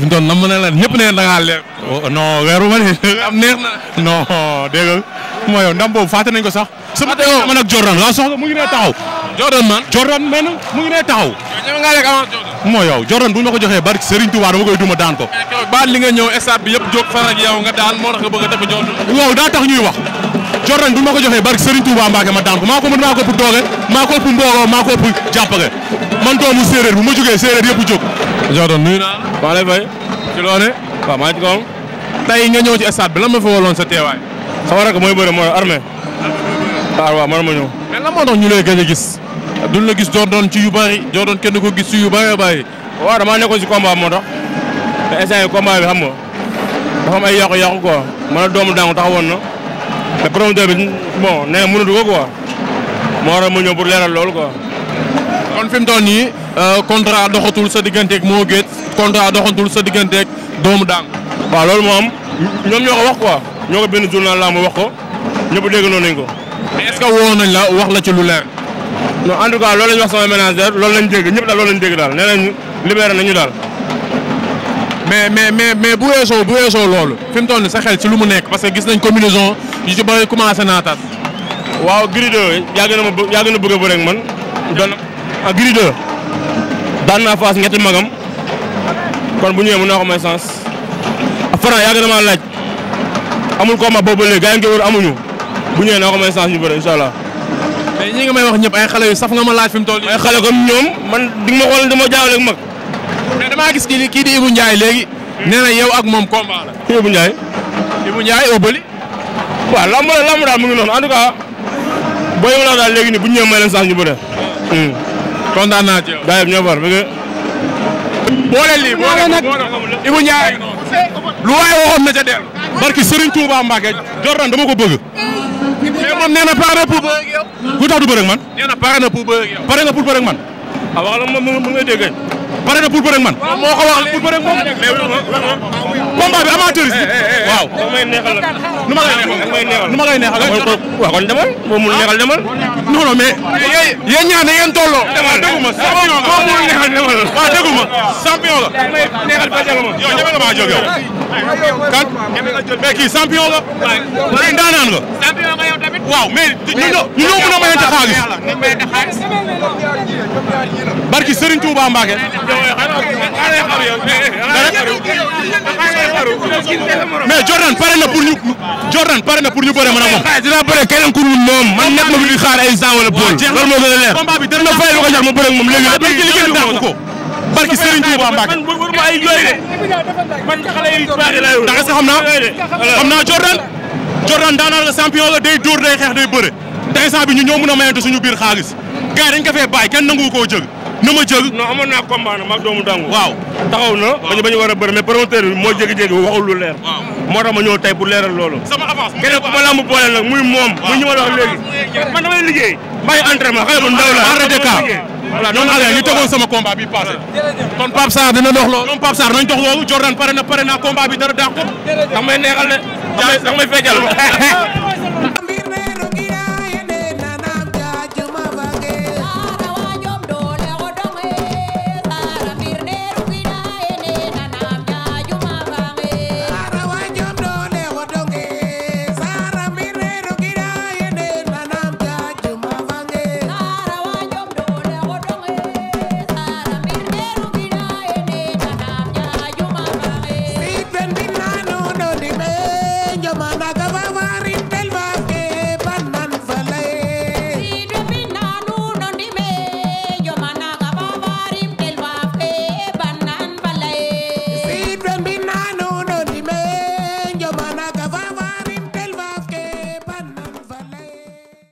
fi mu toll nii mën na la ñëpp nee na da ngaa leer. non weeru ma ne. am neex na. non dégg nga mooy yow ndam boobu fàtte nañ ko sax. sama teewoo man ak Jordan laa soxla mu ngi nee man Jordan man mu ngi Jordan. mooy bu ma ko joxee barke Serigne Touba dama koy duma daan ko. baat li nga ñëw stade bi yëpp jóg fan ak yow nga daan moo tax nga bëgg a def daa tax ñuy wax. Jordan bu ma ko joxee barke Serigne Touba Mbacke ma daan ko maa ko mën maa ko ëpp dooge maa ko ëpp mboogoo maa ko ëpp jàppage man doomu séeréer bu ma jógee séeréer yëpp jóg Jordan nuyu naa loone waaw maa ci kawam. tey nga ñëw ci bi lan ma fa sa teewaay. sama rakk mooy bëre mooy armée. Ah, waaw ma ñëw. moo tax ñu lay gëj a gis. duñ la gis Jordan ci yu bari Jordan kenn ko gis ci yu bari bari. waaw damaa ci combat moo tax. te instant yii combat bi xam dafa am ay yàqu-yàqu quoi. doomu daangu taxawoon na. mais promoteur bi bon nee na mënatu ko moo waral ma ñëw pour leeral loolu quoi. kon fi mu toll nii euh, contrat doxatul sa digganteeg moo géet contrat doxatul sa digganteeg doomu daam. waaw loolu moom am ñoom ñoo ko wax quoi ñoo ko benn journal laa ma wax ko ñëpp dégg noonu nañ ko. mais est woo nañ la wax la ci lu leer. non en tout cas loolu lañ wax sama manager loolu lañ dégg ñëpp daal loolu lañ dégg daal nee nañ libéré nañu daal. mais mais mais mais bu weesoo bu weesoo loolu fi mu toll sa xel ci lu mu nekk parce que gis nañ combinaison yu ci bëri commencé naa tas. waaw Gris a bëre ak man. doon ah Gris 2 daan naa faas ñetti magam kon bu ñëwee mën naa ko may sens ah, Franc yàgg na maa laaj amul combat boobu ba léegi amuñu bu ñëwee wax ñëpp ay xale yu saf nga ma laaj fi mu toll ay xale comme ñoom man di dama jaawale ak mag. gis kii kii di Ibou Ndiaye léegi. nee na yow moom combat la. kii Ibou Ndiaye. Ibou Ndiaye au bëri. waaw lamb booy yi daal léegi nii bu ñu ñëwee may kontaan naa ci yow. gars yi ñoo far bëgg. boole lii boole nag Ibou Ndiaye. lu waay waxoon na ca dellu. barki Serigne Touba Mbacke Jordan dama ko bëgg. mais moom nee na pare na pour bëre ak yow. man. nee na pare na pour bëre man. ah wax la moom mu ngi lay na pour bëre man. moo ko wax pour bëre may neexal la nu ma lay neexal nu ma lay neexal waaw kon demal boo mun neexal demal non non mais yéen ñaar da ngeen tolloo déguma champion nga boo mun neexal demal waaw déguma champion nga neexal ba jàll ma yow ñeme nga maa jóg yow kan mais kii champion nga ndaanaan nga waaw mais ñu ñoo mën a mayante xaalis barki Serigne Touba Mbacke. mais Jordan pare na pour ñu Jordan pare na pour ñu bëre man ak moom. dinaa bëre keneen ku dul moom man nekk ma fi xaar ay Jean wala Paul loolu moo gën a ma bëre ak moom léegi barki Serigne Touba Mbacke man man ay yooyu de man xale yi baax da nga si Jordan daanaan la champion la day dóor day xeex day bëre te instant bi ñu ñoo mën a mayante suñu biir xaalis gars yi dañ ko fee bàyyi kenn nangu koo jëg na ma jëg non amoon naa combat na a bëri mais promoteur bi moo jékki-jékki waxul lu leer moo tax ma loolu sama avance keneen ku ma lamb boole nag ma la wax léegi man damay liggéey sama combat bi passé kon Pape Sarr dina dox loolu na pare naa bi dara daax danga may neexal de. danga may feccal